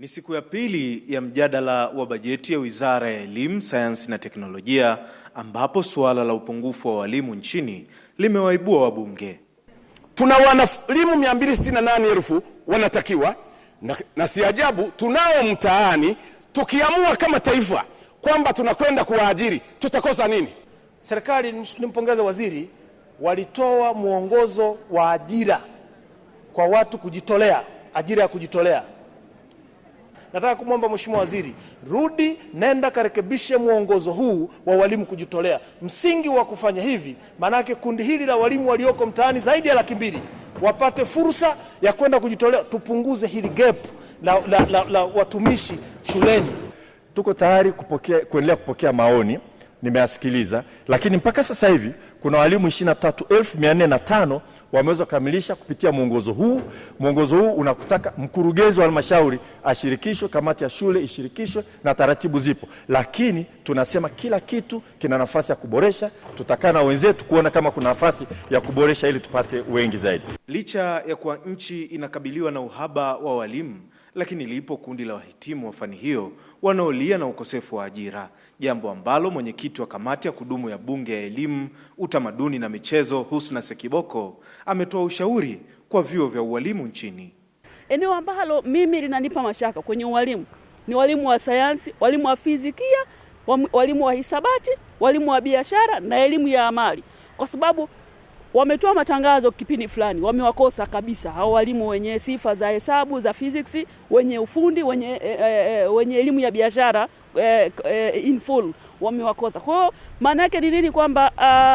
Ni siku ya pili ya mjadala wa bajeti ya Wizara ya Elimu, Sayansi na Teknolojia ambapo suala la upungufu wa walimu nchini limewaibua wabunge. Tuna walimu 268,000 wanatakiwa na, na si ajabu tunao mtaani. Tukiamua kama taifa kwamba tunakwenda kuwaajiri tutakosa nini? Serikali, nimpongeze waziri, walitoa mwongozo wa ajira kwa watu kujitolea, ajira ya kujitolea Nataka kumwomba Mheshimiwa Waziri, rudi, nenda karekebishe mwongozo huu wa walimu kujitolea. Msingi wa kufanya hivi, maanake kundi hili la walimu walioko mtaani zaidi ya laki mbili wapate fursa ya kwenda kujitolea, tupunguze hili gap la, la, la, la watumishi shuleni. Tuko tayari kupokea, kuendelea kupokea maoni nimeasikiliza lakini mpaka sasa hivi kuna walimu 23,405 wameweza kukamilisha kupitia mwongozo huu. Mwongozo huu unakutaka mkurugenzi wa halmashauri ashirikishwe, kamati ya shule ishirikishwe, na taratibu zipo, lakini tunasema kila kitu kina nafasi ya kuboresha. Tutakaa na wenzetu kuona kama kuna nafasi ya kuboresha ili tupate wengi zaidi. Licha ya kuwa nchi inakabiliwa na uhaba wa walimu lakini lipo kundi la wahitimu wa fani hiyo wanaolia na ukosefu wa ajira, jambo ambalo mwenyekiti wa kamati ya kudumu ya Bunge ya Elimu, Utamaduni na Michezo, Husna Sekiboko, ametoa ushauri kwa vyuo vya ualimu nchini. Eneo ambalo mimi linanipa mashaka kwenye ualimu ni walimu wa sayansi, walimu wa fizikia, walimu wa hisabati, walimu wa biashara na elimu ya amali, kwa sababu wametoa matangazo kipindi fulani, wamewakosa kabisa hao walimu wenye sifa za hesabu za physics, wenye ufundi, wenye e, e, wenye elimu ya biashara e, e, in full wamewakosa. Kwa hiyo maana yake ni nini? Kwamba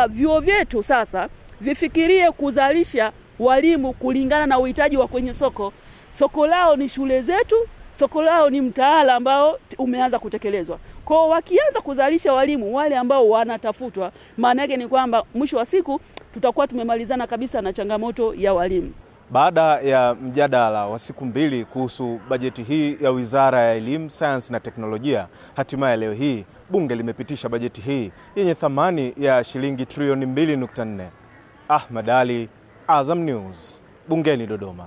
uh, vyuo vyetu sasa vifikirie kuzalisha walimu kulingana na uhitaji wa kwenye soko. Soko lao ni shule zetu, soko lao ni mtaala ambao umeanza kutekelezwa. Kwa wakianza kuzalisha walimu wale ambao wanatafutwa, maana yake ni kwamba mwisho wa siku tutakuwa tumemalizana kabisa na changamoto ya walimu. Baada ya mjadala wa siku mbili kuhusu bajeti hii ya Wizara ya Elimu, Sayansi na Teknolojia, hatimaye leo hii Bunge limepitisha bajeti hii yenye thamani ya shilingi trilioni 2.4. Ahmad ali Azam News, Bungeni Dodoma.